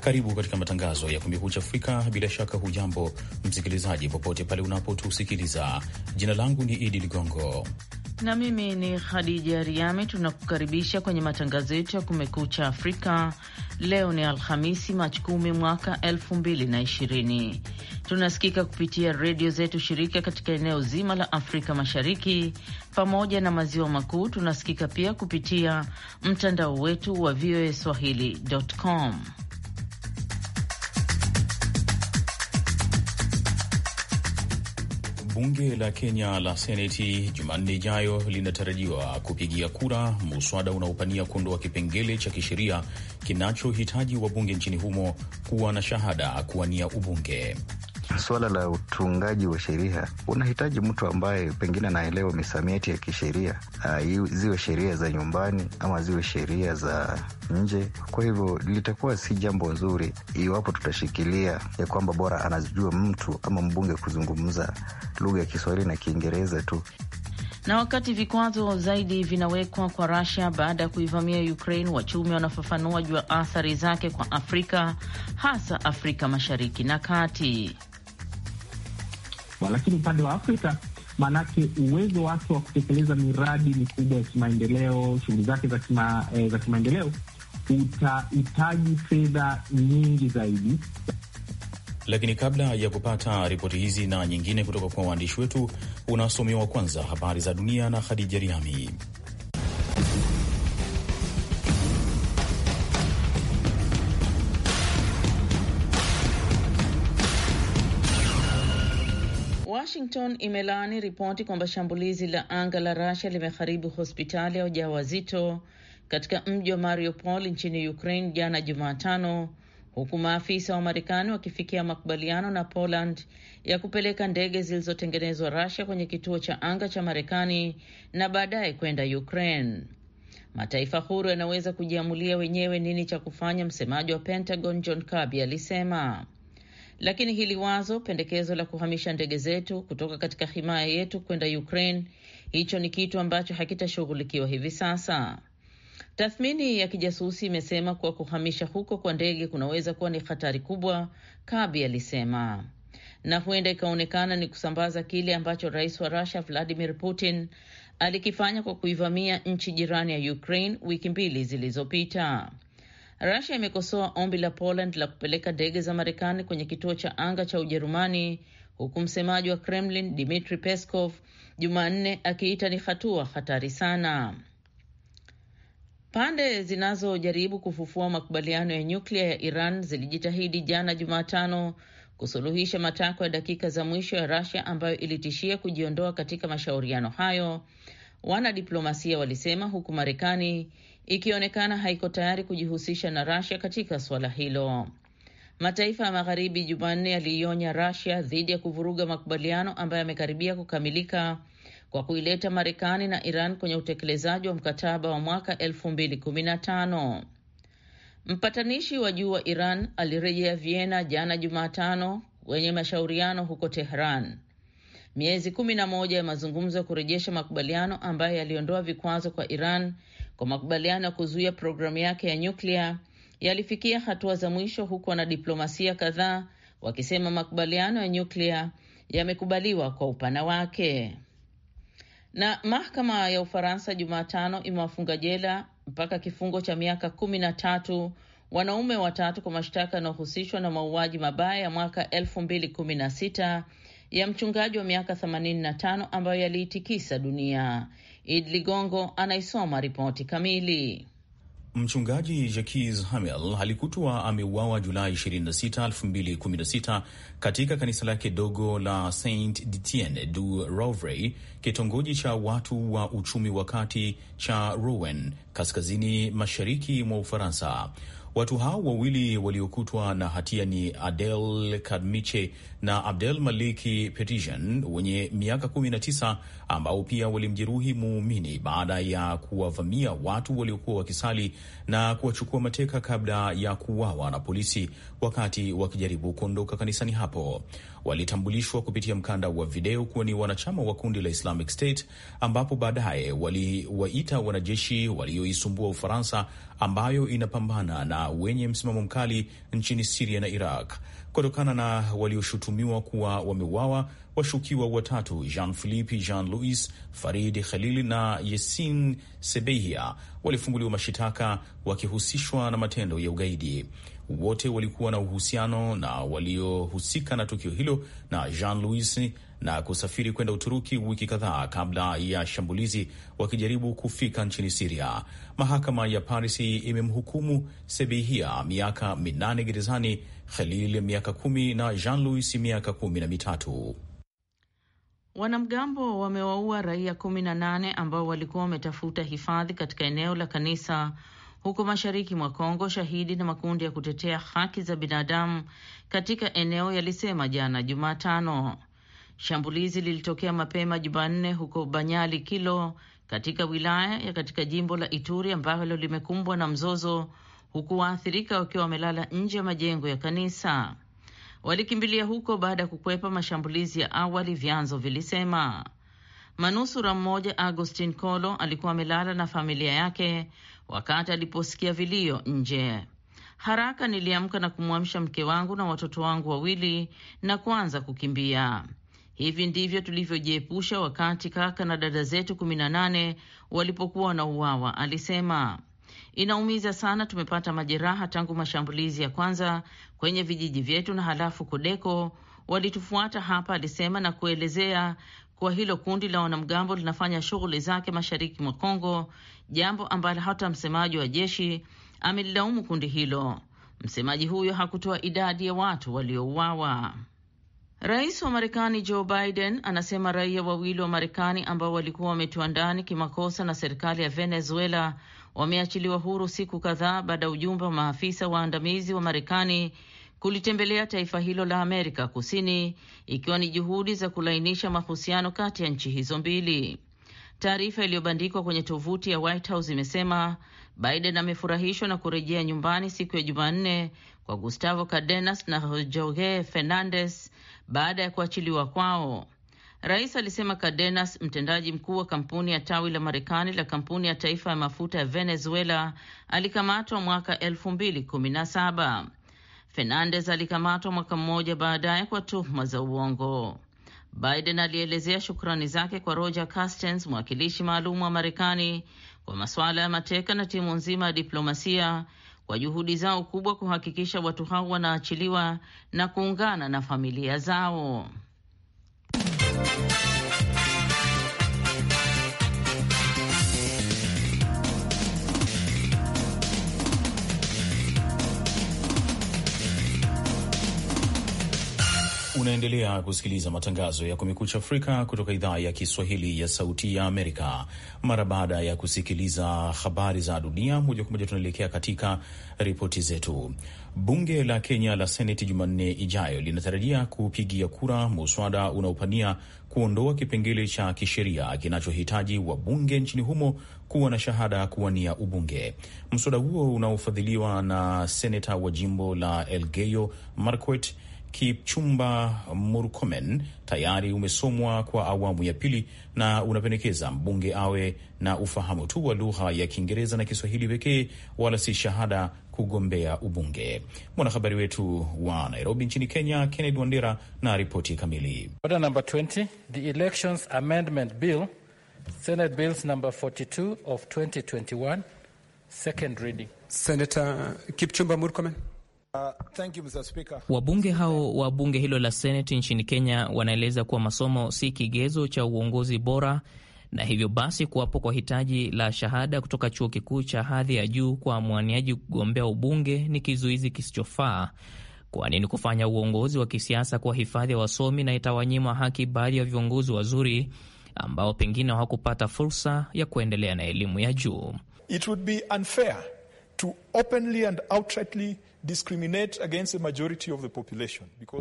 Karibu katika matangazo ya Kumekucha Afrika. Bila shaka, hujambo msikilizaji, popote pale unapotusikiliza. Jina langu ni Idi Ligongo na mimi ni Khadija Riami. Tunakukaribisha kwenye matangazo yetu ya Kumekucha Afrika. Leo ni Alhamisi, Machi kumi mwaka 2020. Tunasikika kupitia redio zetu shirika katika eneo zima la Afrika Mashariki pamoja na maziwa makuu. Tunasikika pia kupitia mtandao wetu wa voa swahili.com. Bunge la Kenya la Seneti Jumanne ijayo linatarajiwa kupigia kura muswada unaopania kuondoa kipengele cha kisheria kinachohitaji wabunge nchini humo kuwa na shahada kuwania ubunge swala la utungaji wa sheria unahitaji mtu ambaye pengine anaelewa misamiati ya kisheria, ah, ziwe sheria za nyumbani ama ziwe sheria za nje. Kwa hivyo litakuwa si jambo nzuri iwapo tutashikilia ya kwamba bora anajua mtu ama mbunge kuzungumza lugha ya Kiswahili na Kiingereza tu na wakati vikwazo zaidi vinawekwa kwa rasia baada ya kuivamia Ukraine, wachumi wanafafanua juu ya athari zake kwa Afrika, hasa Afrika Mashariki na Kati kubwa, lakini upande wa Afrika maanake uwezo wake wa kutekeleza miradi mikubwa ya kimaendeleo, shughuli zake za kima, eh, za kimaendeleo utahitaji fedha nyingi zaidi. Lakini kabla ya kupata ripoti hizi na nyingine kutoka kwa waandishi wetu, unasomewa kwanza habari za dunia na Khadija Riami. Washington imelaani ripoti kwamba shambulizi la anga la Russia limeharibu hospitali ya wajawazito katika mji wa Mariupol nchini Ukraine jana Jumatano, huku maafisa wa Marekani wakifikia makubaliano na Poland ya kupeleka ndege zilizotengenezwa Russia kwenye kituo cha anga cha Marekani na baadaye kwenda Ukraine. Mataifa huru yanaweza kujiamulia wenyewe nini cha kufanya, msemaji wa Pentagon John Kirby alisema. Lakini hili wazo, pendekezo la kuhamisha ndege zetu kutoka katika himaya yetu kwenda Ukraine, hicho ni kitu ambacho hakitashughulikiwa hivi sasa. Tathmini ya kijasusi imesema kuwa kuhamisha huko kwa ndege kunaweza kuwa ni hatari kubwa, Kabi alisema, na huenda ikaonekana ni kusambaza kile ambacho rais wa Russia Vladimir Putin alikifanya kwa kuivamia nchi jirani ya Ukraine wiki mbili zilizopita. Rasia imekosoa ombi la Poland la kupeleka ndege za Marekani kwenye kituo cha anga cha Ujerumani, huku msemaji wa Kremlin Dmitri Peskov Jumanne akiita ni hatua hatari sana. Pande zinazojaribu kufufua makubaliano ya nyuklia ya Iran zilijitahidi jana Jumatano kusuluhisha matakwa ya dakika za mwisho ya Rasia ambayo ilitishia kujiondoa katika mashauriano hayo, wanadiplomasia walisema, huku Marekani ikionekana haiko tayari kujihusisha na rasia katika suala hilo. Mataifa ya Magharibi Jumanne yaliionya rasia dhidi ya kuvuruga makubaliano ambayo yamekaribia kukamilika kwa kuileta Marekani na Iran kwenye utekelezaji wa mkataba wa mwaka 2015. Mpatanishi wa juu wa Iran alirejea Vienna jana Jumatano wenye mashauriano huko Tehran. Miezi 11 ya mazungumzo ya kurejesha makubaliano ambayo yaliondoa vikwazo kwa Iran kwa makubaliano ya kuzuia programu yake ya nyuklia yalifikia hatua za mwisho, huku wanadiplomasia kadhaa wakisema makubaliano ya nyuklia yamekubaliwa kwa upana wake. Na mahakama ya Ufaransa Jumatano imewafunga jela mpaka kifungo cha miaka kumi na tatu wanaume watatu kwa mashtaka yanayohusishwa na mauaji mabaya ya mwaka elfu mbili kumi na sita ya mchungaji wa miaka 85 ambayo yaliitikisa dunia. Id Ligongo anaisoma ripoti kamili. Mchungaji Jacques Hamel alikutwa ameuawa Julai 26, 2016 katika kanisa lake dogo la Saint Etienne du rovrey kitongoji cha watu wa uchumi wa kati cha Rouen, kaskazini mashariki mwa Ufaransa. Watu hao wawili waliokutwa na hatia ni Adel Kadmiche na Abdel Maliki Petijan wenye miaka 19 ambao pia walimjeruhi muumini baada ya kuwavamia watu waliokuwa wakisali na kuwachukua mateka kabla ya kuuawa na polisi wakati wakijaribu kuondoka kanisani hapo walitambulishwa kupitia mkanda wa video kuwa ni wanachama wa kundi la Islamic State, ambapo baadaye waliwaita wanajeshi walioisumbua Ufaransa ambayo inapambana na wenye msimamo mkali nchini Siria na Iraq kutokana na walioshutumiwa kuwa wameuawa. Washukiwa watatu Jean Philippe Jean Louis Farid Khalil na Yesin Sebehia walifunguliwa mashitaka wakihusishwa na matendo ya ugaidi. Wote walikuwa na uhusiano na waliohusika na tukio hilo, na Jean Louis na kusafiri kwenda Uturuki wiki kadhaa kabla ya shambulizi, wakijaribu kufika nchini Siria. Mahakama ya Paris imemhukumu Sebihia miaka minane gerezani, Khalil miaka kumi na Jean Louis miaka kumi na mitatu. Wanamgambo wamewaua raia kumi na nane ambao walikuwa wametafuta hifadhi katika eneo la kanisa huko mashariki mwa Kongo. Shahidi na makundi ya kutetea haki za binadamu katika eneo yalisema jana Jumatano. Shambulizi lilitokea mapema Jumanne huko Banyali Kilo katika wilaya ya katika jimbo la Ituri ambalo limekumbwa na mzozo, huku waathirika wakiwa wamelala nje ya majengo ya kanisa. Walikimbilia huko baada ya kukwepa mashambulizi ya awali, vyanzo vilisema. Manusura mmoja Agustin Kolo alikuwa amelala na familia yake wakati aliposikia vilio nje. Haraka niliamka na kumwamsha mke wangu na watoto wangu wawili na kuanza kukimbia. Hivi ndivyo tulivyojiepusha wakati kaka na dada zetu 18 na walipokuwa wanauawa, alisema. Inaumiza sana, tumepata majeraha tangu mashambulizi ya kwanza kwenye vijiji vyetu, na halafu Kodeko walitufuata hapa, alisema na kuelezea kuwa hilo kundi la wanamgambo linafanya shughuli zake mashariki mwa Kongo, jambo ambalo hata msemaji wa jeshi amelilaumu kundi hilo. Msemaji huyo hakutoa idadi ya watu waliouawa. Rais wa Marekani Joe Biden anasema raia wawili wa Marekani ambao walikuwa wametiwa ndani kimakosa na serikali ya Venezuela wameachiliwa huru siku kadhaa baada ya ujumbe wa maafisa waandamizi wa Marekani kulitembelea taifa hilo la Amerika Kusini, ikiwa ni juhudi za kulainisha mahusiano kati ya nchi hizo mbili. Taarifa iliyobandikwa kwenye tovuti ya White House imesema Biden amefurahishwa na kurejea nyumbani siku ya Jumanne kwa Gustavo Cardenas na Jorge Fernandez baada ya kuachiliwa kwao. Rais alisema Cardenas, mtendaji mkuu wa kampuni ya tawi la Marekani la kampuni ya taifa ya mafuta ya Venezuela, alikamatwa mwaka 2017. Fernandez alikamatwa mwaka mmoja baadaye kwa tuhuma za uongo. Biden alielezea shukrani zake kwa Roger Castens, mwakilishi maalum wa Marekani kwa masuala ya mateka na timu nzima ya diplomasia kwa juhudi zao kubwa kuhakikisha watu hao wanaachiliwa na kuungana na familia zao. Unaendelea kusikiliza matangazo ya Kumekucha Afrika kutoka idhaa ya Kiswahili ya Sauti ya Amerika. Mara baada ya kusikiliza habari za dunia moja kwa moja, tunaelekea katika ripoti zetu. Bunge la Kenya la Seneti Jumanne ijayo linatarajia kupigia kura muswada unaopania kuondoa kipengele cha kisheria kinachohitaji wabunge nchini humo kuwa na shahada ya kuwania ubunge. Mswada huo unaofadhiliwa na seneta wa jimbo la Elgeyo Marakwet Kipchumba Murkomen tayari umesomwa kwa awamu ya pili na unapendekeza mbunge awe na ufahamu tu wa lugha ya Kiingereza na Kiswahili pekee, wala si shahada kugombea ubunge. Mwanahabari wetu wa Nairobi nchini Kenya, kenned Wandera na ripoti kamili. Order number 20, the Elections Amendment Bill, Senate Bills number 42 of 2021, second reading. Senator Kipchumba Murkomen. Uh, thank you, Mr. Speaker. Wabunge hao wa bunge hilo la Seneti nchini Kenya wanaeleza kuwa masomo si kigezo cha uongozi bora na hivyo basi kuwapo kwa hitaji la shahada kutoka chuo kikuu cha hadhi ya juu kwa mwaniaji kugombea ubunge ni kizuizi kisichofaa, kwani ni kufanya uongozi wa kisiasa kuwa hifadhi ya wasomi na itawanyima haki baadhi ya viongozi wazuri ambao pengine hawakupata fursa ya kuendelea na elimu ya juu. It would be unfair to openly and outrightly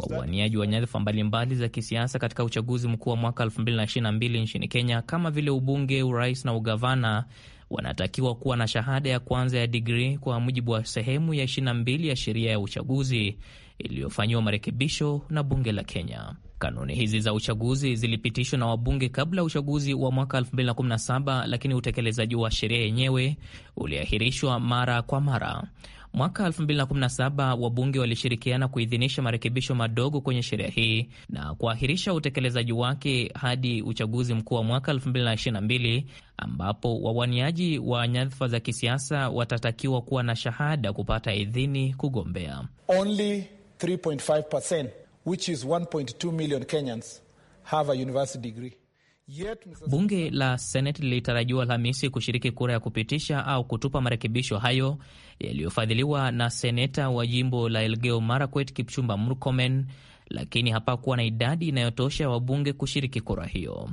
wawaniaji wa nyadhifa mbalimbali za kisiasa katika uchaguzi mkuu wa mwaka 2022 nchini Kenya kama vile ubunge, urais na ugavana wanatakiwa kuwa na shahada ya kwanza ya digrii kwa mujibu wa sehemu ya 22 ya sheria ya uchaguzi iliyofanyiwa marekebisho na bunge la Kenya. Kanuni hizi za uchaguzi zilipitishwa na wabunge kabla ya uchaguzi wa mwaka 2017 lakini utekelezaji wa sheria yenyewe uliahirishwa mara kwa mara. Mwaka 2017 wabunge walishirikiana kuidhinisha marekebisho madogo kwenye sheria hii na kuahirisha utekelezaji wake hadi uchaguzi mkuu wa mwaka 2022 ambapo wawaniaji wa nyadhifa za kisiasa watatakiwa kuwa na shahada kupata idhini kugombea. Only 3.5% which is 1.2 million Kenyans have a university degree. Yet, bunge la Seneti lilitarajiwa Alhamisi kushiriki kura ya kupitisha au kutupa marekebisho hayo yaliyofadhiliwa na seneta wa jimbo la Elgeyo Marakwet Kipchumba Murkomen, lakini hapakuwa na idadi inayotosha wabunge kushiriki kura hiyo.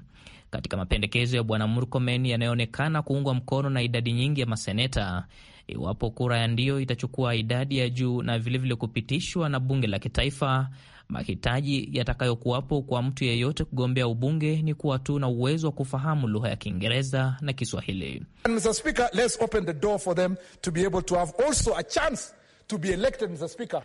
Katika mapendekezo ya bwana Murkomen yanayoonekana kuungwa mkono na idadi nyingi ya maseneta, iwapo kura ya ndio itachukua idadi ya juu na vilevile vile kupitishwa na bunge la kitaifa, Mahitaji yatakayokuwapo kwa mtu yeyote kugombea ubunge ni kuwa tu na uwezo wa kufahamu lugha ya Kiingereza na Kiswahili.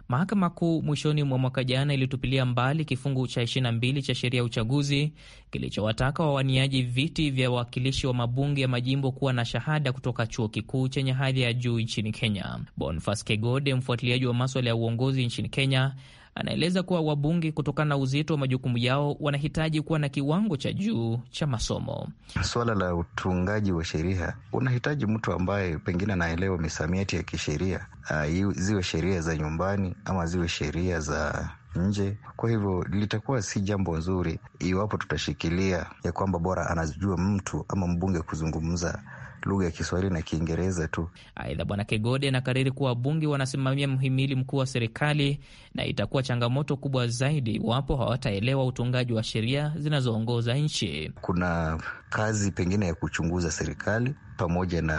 Mahakama Kuu mwishoni mwa mwaka jana ilitupilia mbali kifungu cha 22 cha sheria ya uchaguzi kilichowataka wawaniaji viti vya wawakilishi wa mabunge ya majimbo kuwa na shahada kutoka chuo kikuu chenye hadhi ya juu nchini Kenya. Bonfas Kegode, mfuatiliaji wa maswala ya uongozi nchini Kenya, Anaeleza kuwa wabunge, kutokana na uzito wa majukumu yao, wanahitaji kuwa na kiwango cha juu cha masomo. Suala la utungaji wa sheria unahitaji mtu ambaye pengine anaelewa misamiati ya kisheria, ah, ziwe sheria za nyumbani ama ziwe sheria za nje. Kwa hivyo litakuwa si jambo nzuri iwapo tutashikilia ya kwamba bora anajua mtu ama mbunge kuzungumza lugha ya Kiswahili na Kiingereza tu. Aidha, Bwana Kegode anakariri kuwa wabunge wanasimamia mhimili mkuu wa serikali na itakuwa changamoto kubwa zaidi iwapo hawataelewa utungaji wa sheria zinazoongoza nchi. Kuna kazi pengine ya kuchunguza serikali pamoja na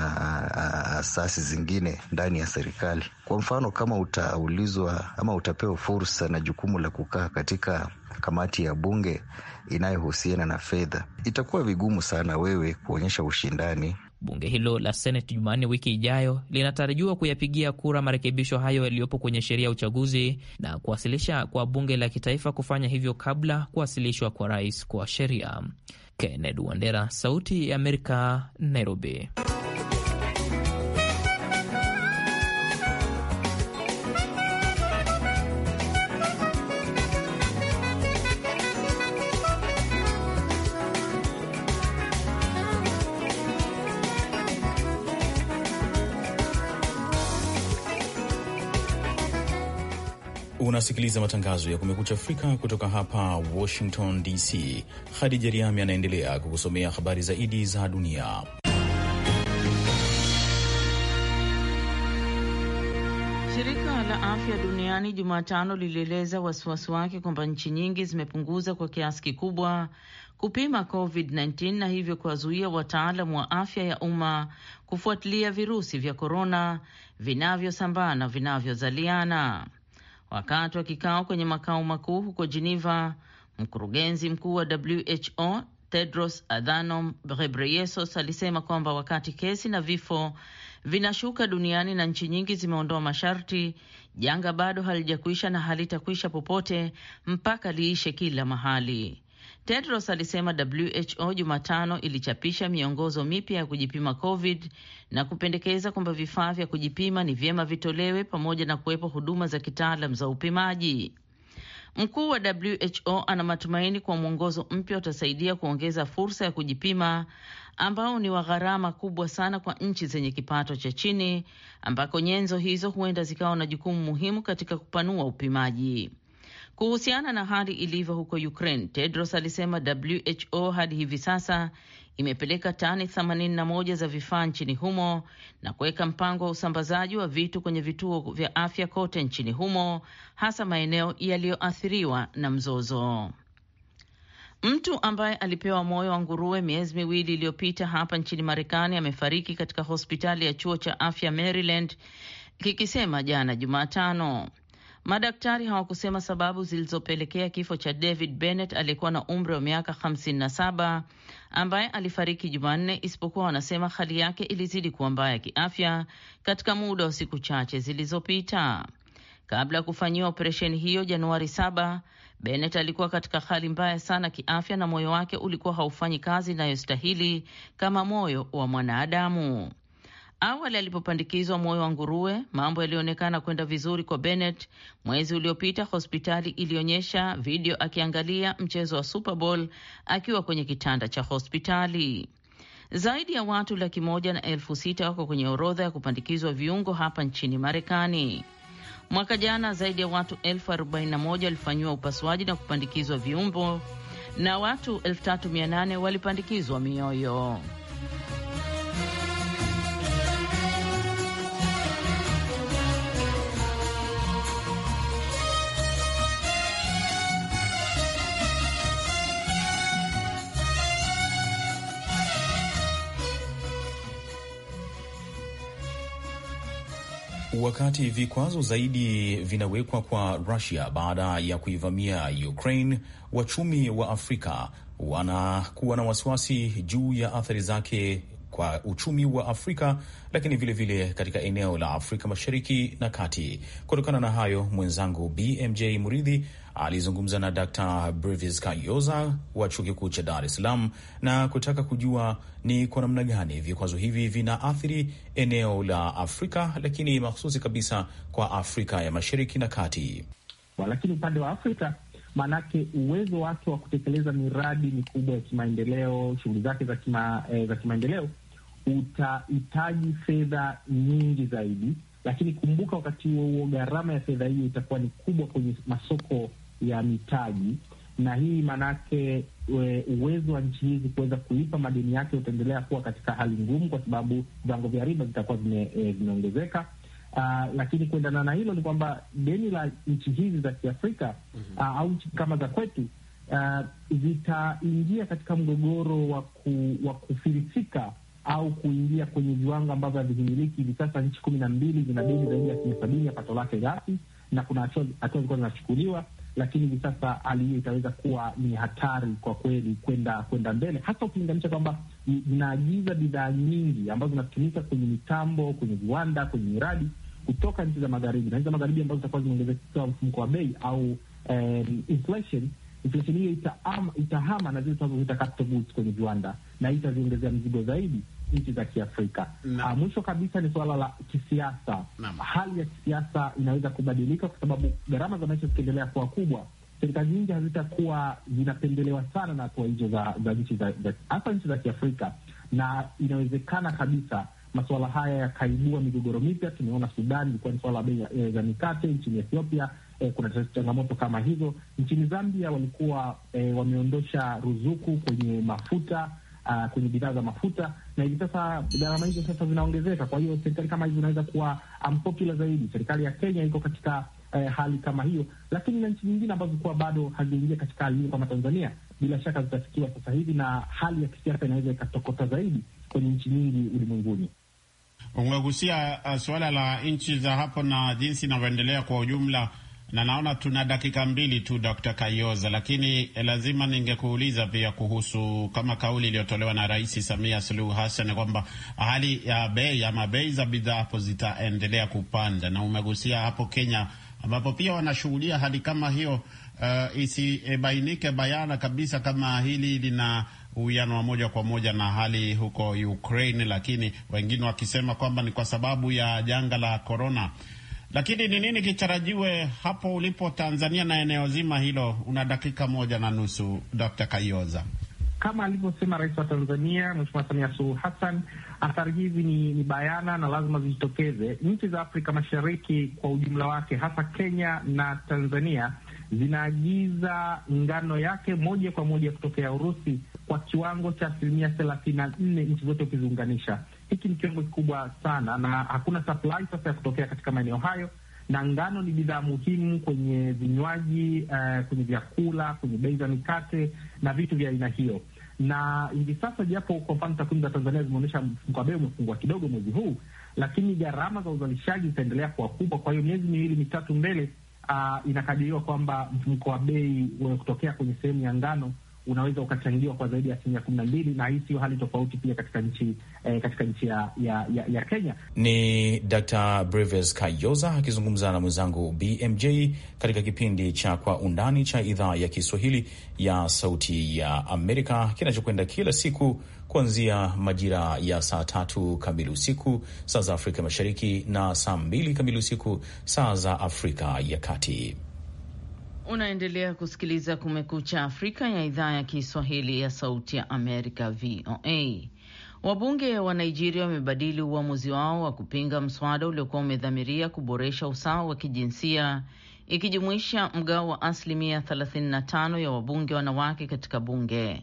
asasi zingine ndani ya serikali. Kwa mfano, kama utaulizwa ama utapewa fursa na jukumu la kukaa katika kamati ya bunge inayohusiana na fedha, itakuwa vigumu sana wewe kuonyesha ushindani Bunge hilo la Seneti Jumanne wiki ijayo linatarajiwa kuyapigia kura marekebisho hayo yaliyopo kwenye sheria ya uchaguzi na kuwasilisha kwa bunge la kitaifa kufanya hivyo kabla kuwasilishwa kwa rais kwa sheria. Kennedy Wandera, Sauti ya Amerika, Nairobi. Unasikiliza matangazo ya Kumekucha Afrika kutoka hapa Washington DC. Khadija Riami anaendelea kukusomea habari zaidi za dunia. Shirika la Afya Duniani Jumatano lilieleza wasiwasi wake kwamba nchi nyingi zimepunguza kwa kiasi kikubwa kupima COVID-19 na hivyo kuwazuia wataalamu wa afya ya umma kufuatilia virusi vya korona vinavyosambaa na vinavyozaliana. Wakati wa kikao kwenye makao makuu huko Geneva, mkurugenzi mkuu wa WHO Tedros Adhanom Ghebreyesus alisema kwamba wakati kesi na vifo vinashuka duniani na nchi nyingi zimeondoa masharti, janga bado halijakwisha na halitakwisha popote mpaka liishe kila mahali. Tedros alisema WHO Jumatano ilichapisha miongozo mipya ya kujipima COVID na kupendekeza kwamba vifaa vya kujipima ni vyema vitolewe pamoja na kuwepo huduma za kitaalam za upimaji. Mkuu wa WHO ana matumaini kwa mwongozo mpya utasaidia kuongeza fursa ya kujipima ambao ni wa gharama kubwa sana kwa nchi zenye kipato cha chini ambako nyenzo hizo huenda zikawa na jukumu muhimu katika kupanua upimaji. Kuhusiana na hali ilivyo huko Ukraine, Tedros alisema WHO hadi hivi sasa imepeleka tani 81 za vifaa nchini humo na kuweka mpango wa usambazaji wa vitu kwenye vituo vya afya kote nchini humo, hasa maeneo yaliyoathiriwa na mzozo. Mtu ambaye alipewa moyo wa nguruwe miezi miwili iliyopita hapa nchini Marekani amefariki katika hospitali ya chuo cha afya Maryland, kikisema jana Jumatano. Madaktari hawakusema sababu zilizopelekea kifo cha David Bennett aliyekuwa na umri wa miaka 57 ambaye alifariki Jumanne, isipokuwa wanasema hali yake ilizidi kuwa mbaya kiafya katika muda wa siku chache zilizopita. Kabla ya kufanyiwa operesheni hiyo Januari 7, Bennett alikuwa katika hali mbaya sana kiafya na moyo wake ulikuwa haufanyi kazi inayostahili kama moyo wa mwanadamu. Awali alipopandikizwa moyo wa nguruwe, mambo yalionekana kwenda vizuri kwa Bennett. Mwezi uliopita, hospitali ilionyesha video akiangalia mchezo wa Super Bowl akiwa kwenye kitanda cha hospitali. Zaidi ya watu laki moja na elfu sita wako kwenye orodha ya kupandikizwa viungo hapa nchini Marekani. Mwaka jana zaidi ya watu elfu arobaini na moja walifanyiwa upasuaji na kupandikizwa viumbo na watu elfu tatu mia nane walipandikizwa mioyo. Wakati vikwazo zaidi vinawekwa kwa Rusia baada ya kuivamia Ukraine, wachumi wa Afrika wanakuwa na wasiwasi juu ya athari zake kwa uchumi wa Afrika, lakini vilevile vile katika eneo la Afrika Mashariki na Kati. Kutokana na hayo, mwenzangu BMJ Muridhi alizungumza na Dr. Brevis Kayoza wa chuo kikuu cha Dar es Salaam na kutaka kujua ni kwa namna gani vikwazo hivi vinaathiri eneo la Afrika, lakini mahususi kabisa kwa Afrika ya mashariki na kati. Lakini upande wa Afrika maanake uwezo wake wa kutekeleza miradi mikubwa ya kimaendeleo, shughuli zake za kima, eh, za kimaendeleo utahitaji fedha nyingi zaidi, lakini kumbuka, wakati huo huo gharama ya fedha hiyo itakuwa ni kubwa kwenye masoko ya mitaji, na hii maanake uwezo wa nchi hizi kuweza kulipa madeni yake utaendelea kuwa katika hali ngumu, kwa sababu viwango vya riba vitakuwa eh, vimeongezeka. E, Uh, lakini kuendana na hilo ni kwamba deni la nchi hizi za Kiafrika mm -hmm. uh, au nchi kama za kwetu uh, zitaingia katika mgogoro wa wa kufirisika au kuingia kwenye viwango ambavyo havihimiliki. Hivi sasa nchi kumi na mbili zina deni zaidi ya asilimia sabini ya pato lake ghafi, na kuna hatua zilikuwa zinachukuliwa lakini hivi sasa hali hiyo itaweza kuwa ni hatari kwa kweli kwenda kwenda mbele, hasa ukilinganisha kwamba zinaagiza bidhaa nyingi ambazo zinatumika kwenye mitambo, kwenye viwanda, kwenye miradi kutoka nchi za magharibi, na nchi za magharibi ambazo zitakuwa zimeongezekewa mfumko wa bei au eh, inflation inflation hiyo itahama na zile tunazoita capital goods kwenye viwanda, na hii itaziongezea mzigo zaidi nchi za Kiafrika. Uh, mwisho kabisa ni suala la kisiasa. Hali ya kisiasa inaweza kubadilika kwa sababu gharama za maisha zikiendelea kuwa kubwa, serikali nyingi hazitakuwa zinapendelewa sana na hatua hizo za nchi hasa nchi za Kiafrika, na inawezekana kabisa masuala haya yakaibua migogoro mipya. Tumeona Sudan ilikuwa ni suala la bei e, za mikate. Nchini Ethiopia e, kuna changamoto kama hizo. Nchini Zambia walikuwa e, wameondosha ruzuku kwenye mafuta uh, kwenye bidhaa za mafuta, na hivi sasa gharama hizo sasa zinaongezeka. Kwa hiyo serikali kama hizi zinaweza kuwa unpopular zaidi. Serikali ya Kenya iko katika uh, hali kama hiyo, lakini na nchi nyingine ambazo kuwa bado haziingia katika hali hiyo kama Tanzania, bila shaka zitafikiwa sasa hivi, na hali ya kisiasa inaweza ikatokota zaidi kwenye nchi nyingi ulimwenguni. Umegusia uh, suala la nchi za hapo na jinsi inavyoendelea kwa ujumla na naona tuna dakika mbili tu Dr. Kayoza, lakini eh, lazima ningekuuliza pia kuhusu kama kauli iliyotolewa na Rais Samia Suluhu Hassan kwamba hali ya bei ama bei za bidhaa hapo zitaendelea kupanda, na umegusia hapo Kenya ambapo pia wanashughulia hali kama hiyo. Uh, isibainike bayana kabisa kama hili lina uwiano wa moja kwa moja na hali huko Ukraine, lakini wengine wakisema kwamba ni kwa sababu ya janga la korona. Lakini ni nini kitarajiwe hapo ulipo Tanzania na eneo zima hilo? Una dakika moja na nusu, Dr. Kayoza. Kama alivyosema rais wa Tanzania Mheshimiwa Samia Suluhu Hassan, athari hizi ni, ni bayana na lazima zijitokeze. Nchi za Afrika Mashariki kwa ujumla wake, hasa Kenya na Tanzania zinaagiza ngano yake moja kwa moja kutokea Urusi kwa kiwango cha asilimia thelathini na nne nchi zote ukiziunganisha hiki ni kiwango kikubwa sana, na hakuna supply sasa ya kutokea katika maeneo hayo, na ngano ni bidhaa muhimu kwenye vinywaji uh, kwenye vyakula, kwenye bei za mikate na vitu vya aina hiyo. Na hivi sasa, japo kwa mfano takwimu za Tanzania zimeonyesha mfumuko wa bei umefungua kidogo mwezi huu, lakini gharama za uzalishaji zitaendelea kuwa kubwa. Kwa hiyo miezi miwili mitatu mbele, uh, inakadiriwa kwamba mfumuko wa bei kutokea kwenye sehemu ya ngano unaweza ukachangiwa kwa zaidi ya asilimia kumi na mbili, na hii siyo hali tofauti pia katika nchi eh, katika nchi ya, ya, ya, ya Kenya. Ni Dr. Breves Kayoza akizungumza na mwenzangu BMJ katika kipindi cha Kwa Undani cha idhaa ya Kiswahili ya Sauti ya Amerika kinachokwenda kila siku kuanzia majira ya saa tatu kamili usiku saa za Afrika Mashariki na saa mbili kamili usiku saa za Afrika ya Kati. Unaendelea kusikiliza Kumekucha Afrika ya idhaa ya Kiswahili ya Sauti ya Amerika, VOA. Wabunge wa Nigeria wamebadili uamuzi wao wa kupinga mswada uliokuwa umedhamiria kuboresha usawa wa kijinsia ikijumuisha mgao wa asilimia 35 ya wabunge wanawake katika bunge.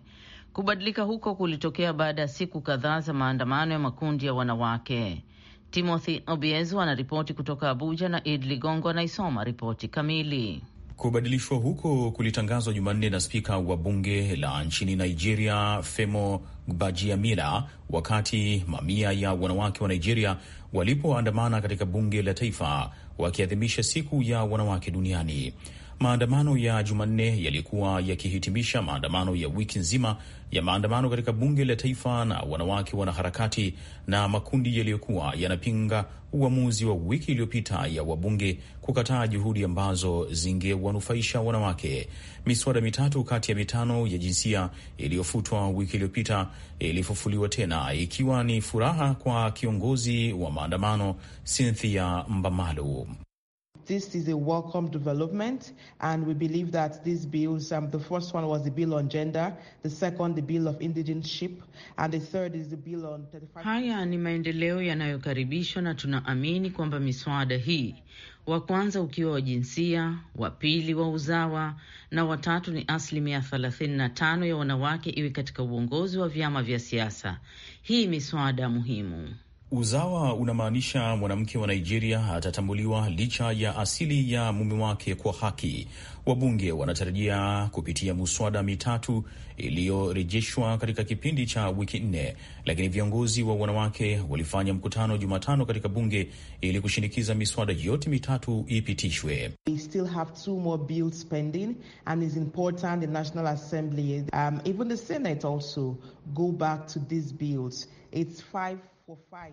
Kubadilika huko kulitokea baada ya siku kadhaa za maandamano ya makundi ya wanawake. Timothy Obiezu anaripoti kutoka Abuja na Id Ligongo anaisoma ripoti kamili. Kubadilishwa huko kulitangazwa Jumanne na spika wa bunge la nchini Nigeria Femo Gbajiamila, wakati mamia ya wanawake wa Nigeria walipoandamana katika bunge la taifa wakiadhimisha siku ya wanawake duniani. Maandamano ya Jumanne yalikuwa yakihitimisha maandamano ya wiki nzima ya maandamano katika bunge la taifa na wanawake wanaharakati na makundi yaliyokuwa yanapinga uamuzi wa wiki iliyopita ya wabunge kukataa juhudi ambazo zingewanufaisha wanawake. Miswada mitatu kati ya mitano ya jinsia iliyofutwa wiki iliyopita ilifufuliwa tena, ikiwa ni furaha kwa kiongozi wa maandamano Cynthia Mbamalu. this is a welcome development, and we believe that these bills um, the first one was the bill on gender, the second, the bill of indigenship, and the third is the bill on 35... Haya ni maendeleo yanayokaribishwa na tunaamini kwamba miswada hii, wa kwanza ukiwa wa jinsia, wa pili wa uzawa na watatu ni asilimia 35 ya wanawake iwe katika uongozi wa vyama vya siasa. Hii miswada muhimu. Uzawa unamaanisha mwanamke wa Nigeria atatambuliwa licha ya asili ya mume wake kwa haki. Wabunge wanatarajia kupitia muswada mitatu iliyorejeshwa katika kipindi cha wiki nne, lakini viongozi wa wanawake walifanya mkutano Jumatano katika bunge ili kushinikiza miswada yote mitatu ipitishwe.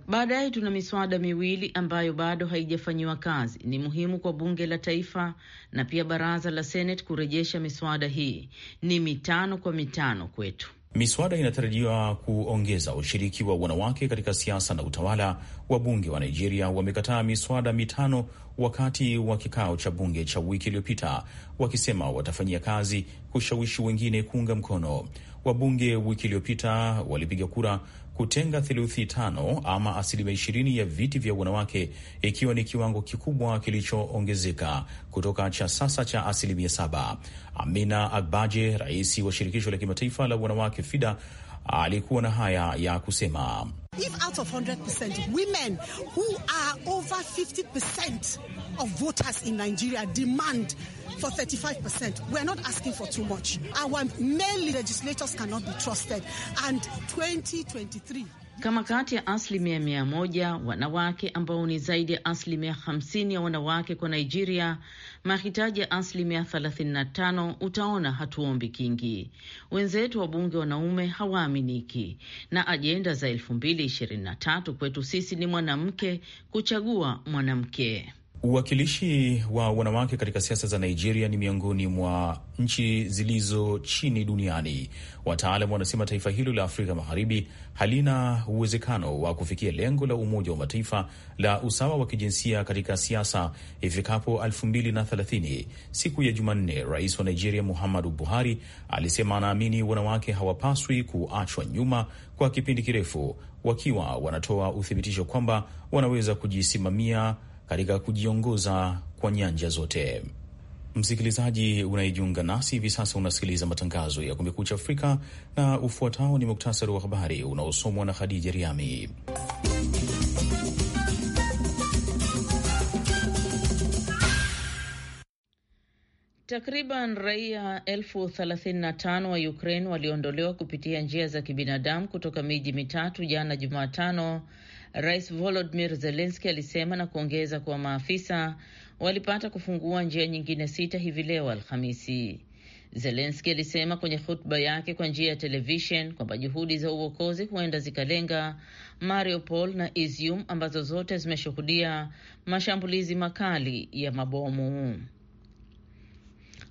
Baadaye tuna miswada miwili ambayo bado haijafanyiwa kazi. Ni muhimu kwa bunge la taifa na pia baraza la Seneti kurejesha miswada hii. Ni mitano kwa mitano kwetu. Miswada inatarajiwa kuongeza ushiriki wa wanawake katika siasa na utawala. Wabunge wa Nigeria wamekataa miswada mitano wakati wa kikao cha bunge cha wiki iliyopita, wakisema watafanyia kazi kushawishi wengine kuunga mkono. Wabunge wiki iliyopita walipiga kura kutenga theluthi tano ama asilimia ishirini ya viti vya wanawake, ikiwa ni kiwango kikubwa kilichoongezeka kutoka cha sasa cha asilimia saba. Amina Agbaje, rais wa shirikisho la kimataifa la wanawake FIDA, alikuwa na haya ya kusema. If out of 100% women who are over 50% of voters in Nigeria demand for 35%. We're not asking for too much. Our male legislators cannot be trusted. And 2023 kama kati ya asilimia mia moja wanawake ambao ni zaidi ya asilimia hamsini ya wanawake kwa Nigeria mahitaji ya asilimia 35, utaona hatuombi kingi. Wenzetu wabunge wanaume hawaaminiki, na ajenda za 2023 kwetu sisi ni mwanamke kuchagua mwanamke. Uwakilishi wa wanawake katika siasa za Nigeria ni miongoni mwa nchi zilizo chini duniani. wataalam wanasema taifa hilo la Afrika Magharibi halina uwezekano wa kufikia lengo la Umoja wa Mataifa la usawa wa kijinsia katika siasa ifikapo 2030. Siku ya Jumanne, rais wa Nigeria Muhammadu Buhari alisema anaamini wanawake hawapaswi kuachwa nyuma kwa kipindi kirefu, wakiwa wanatoa uthibitisho kwamba wanaweza kujisimamia katika kujiongoza kwa nyanja zote. Msikilizaji unayejiunga nasi hivi sasa, unasikiliza matangazo ya Kumekucha Afrika na ufuatao ni muktasari wa habari unaosomwa na Khadija Riami. Takriban raia elfu thelathini na tano wa Ukraine waliondolewa kupitia njia za kibinadamu kutoka miji mitatu jana Jumatano Rais volodimir zelenski alisema na kuongeza kuwa maafisa walipata kufungua njia nyingine sita hivi leo Alhamisi. Zelenski alisema kwenye hutuba yake kwa njia ya televishen kwamba juhudi za uokozi huenda zikalenga Mariupol na Izium ambazo zote zimeshuhudia mashambulizi makali ya mabomu.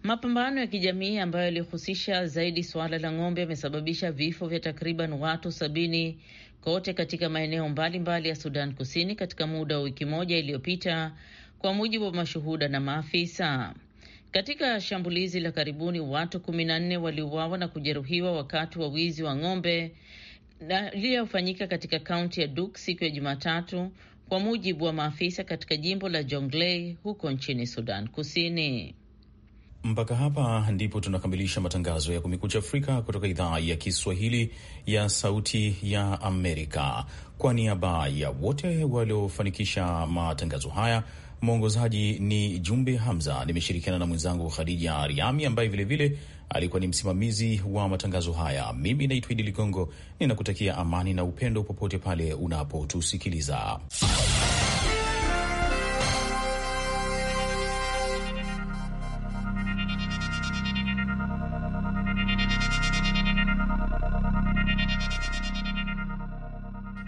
Mapambano ya kijamii ambayo yalihusisha zaidi suala la ng'ombe yamesababisha vifo vya takriban watu sabini kote katika maeneo mbalimbali ya Sudan Kusini katika muda wa wiki moja iliyopita, kwa mujibu wa mashuhuda na maafisa. Katika shambulizi la karibuni, watu kumi na nne waliuawa na kujeruhiwa wakati wa wizi wa ng'ombe iliyofanyika katika kaunti ya Duk siku ya Jumatatu, kwa mujibu wa maafisa katika jimbo la Jonglei huko nchini Sudan Kusini. Mpaka hapa ndipo tunakamilisha matangazo ya Kumekucha Afrika kutoka idhaa ya Kiswahili ya Sauti ya Amerika. Kwa niaba ya wote waliofanikisha matangazo haya, mwongozaji ni Jumbe Hamza, nimeshirikiana na mwenzangu Khadija Riami ambaye vilevile vile alikuwa ni msimamizi wa matangazo haya. Mimi naitwa Idi Ligongo, ninakutakia amani na upendo popote pale unapotusikiliza.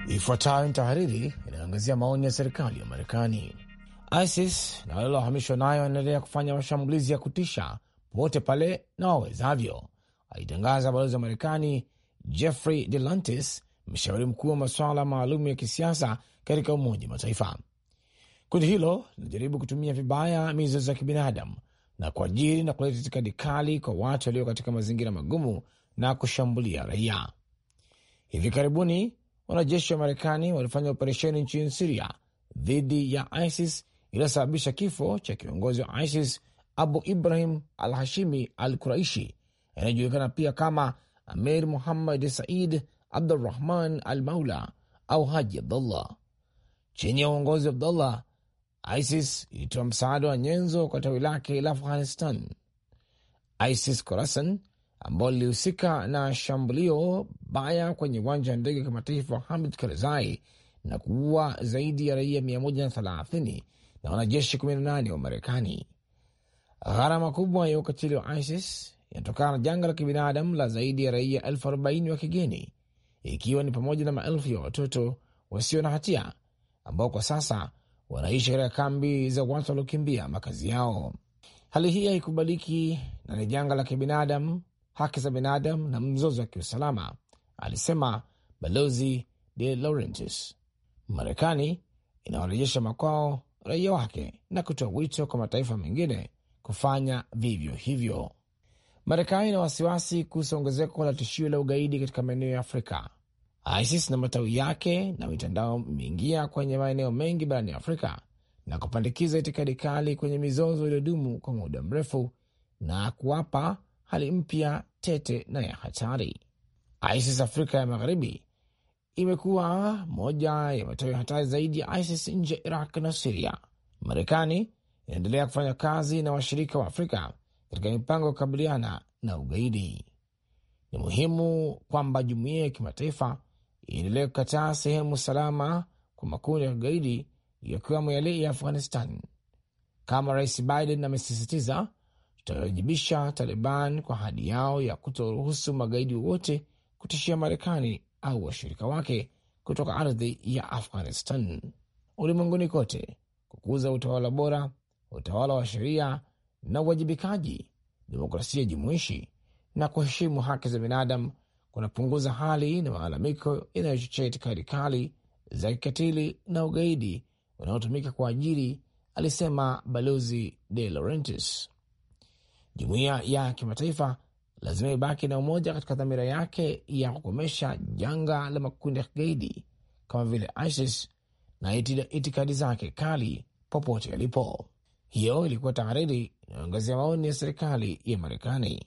Ifuatayo ni tahariri inayoangazia maoni ya serikali ya Marekani. ISIS na wale waliohamishwa nayo wanaendelea kufanya mashambulizi ya kutisha popote pale na wawezavyo, alitangaza balozi wa Marekani Jeffrey Delantis, mshauri mkuu wa masuala maalum ya kisiasa katika Umoja wa Mataifa. Kundi hilo linajaribu kutumia vibaya mizozo ya kibinadamu na kuajiri na kuleta itikadi kali kwa watu walio katika mazingira magumu na kushambulia raia. Hivi karibuni wanajeshi wa Marekani walifanya operesheni nchini Siria dhidi ya ISIS iliyosababisha kifo cha kiongozi wa ISIS Abu Ibrahim al Hashimi al Quraishi anayejulikana pia kama Amir Muhammad Said Abdurahman al Maula au Haji Abdullah. Chini ya uongozi wa Abdullah, ISIS ilitoa msaada wa nyenzo kwa tawi lake la Afghanistan. ISIS Khorasan ambalo lilihusika na shambulio baya kwenye uwanja wa ndege wa kimataifa wa Hamid Karzai na kuua zaidi ya raia 130 na wanajeshi 18 wa Marekani. Gharama kubwa ya ukatili wa ISIS inatokana na janga la kibinadamu la zaidi ya raia 40 wa kigeni, ikiwa ni pamoja na maelfu ya watoto wasio na hatia ambao kwa sasa wanaishi katika kambi za watu waliokimbia makazi yao. Hali hii haikubaliki na ni janga la kibinadamu haki za binadamu na mzozo wa kiusalama, alisema Balozi De Laurentis. Marekani inawarejesha makwao raia wake na kutoa wito kwa mataifa mengine kufanya vivyo hivyo. Marekani ina wasiwasi kuhusu ongezeko la tishio la ugaidi katika maeneo ya Afrika. ISIS na matawi yake na mitandao imeingia kwenye maeneo mengi barani Afrika na kupandikiza itikadi kali kwenye mizozo iliyodumu kwa muda mrefu na kuwapa hali mpya tete na ya hatari. ISIS Afrika ya Magharibi imekuwa moja ya matawi hatari zaidi ya ISIS nje ya Iraq na Siria. Marekani inaendelea kufanya kazi na washirika wa Afrika katika mipango ya kukabiliana na ugaidi. Ni muhimu kwamba jumuiya ya kimataifa iendelee kukataa sehemu salama kwa makundi ya ugaidi, yakiwemo yale ya Afghanistan. Kama Rais Biden amesisitiza, tutawajibisha Taliban kwa hadi yao ya kutoruhusu magaidi wowote kutishia Marekani au washirika wake kutoka ardhi ya Afghanistan. Ulimwenguni kote, kukuza utawala bora, utawala wa sheria na uwajibikaji, demokrasia jumuishi na kuheshimu haki za binadamu kunapunguza hali na malalamiko yanayochochea itikadi kali za kikatili na ugaidi unaotumika kwa ajili, alisema Balozi De Laurentis. Jumuiya ya kimataifa lazima ibaki na umoja katika dhamira yake ya kukomesha janga la makundi ya kigaidi kama vile ISIS na itikadi zake kali popote yalipo. Hiyo ilikuwa tahariri inayoangazia maoni ya serikali ya Marekani.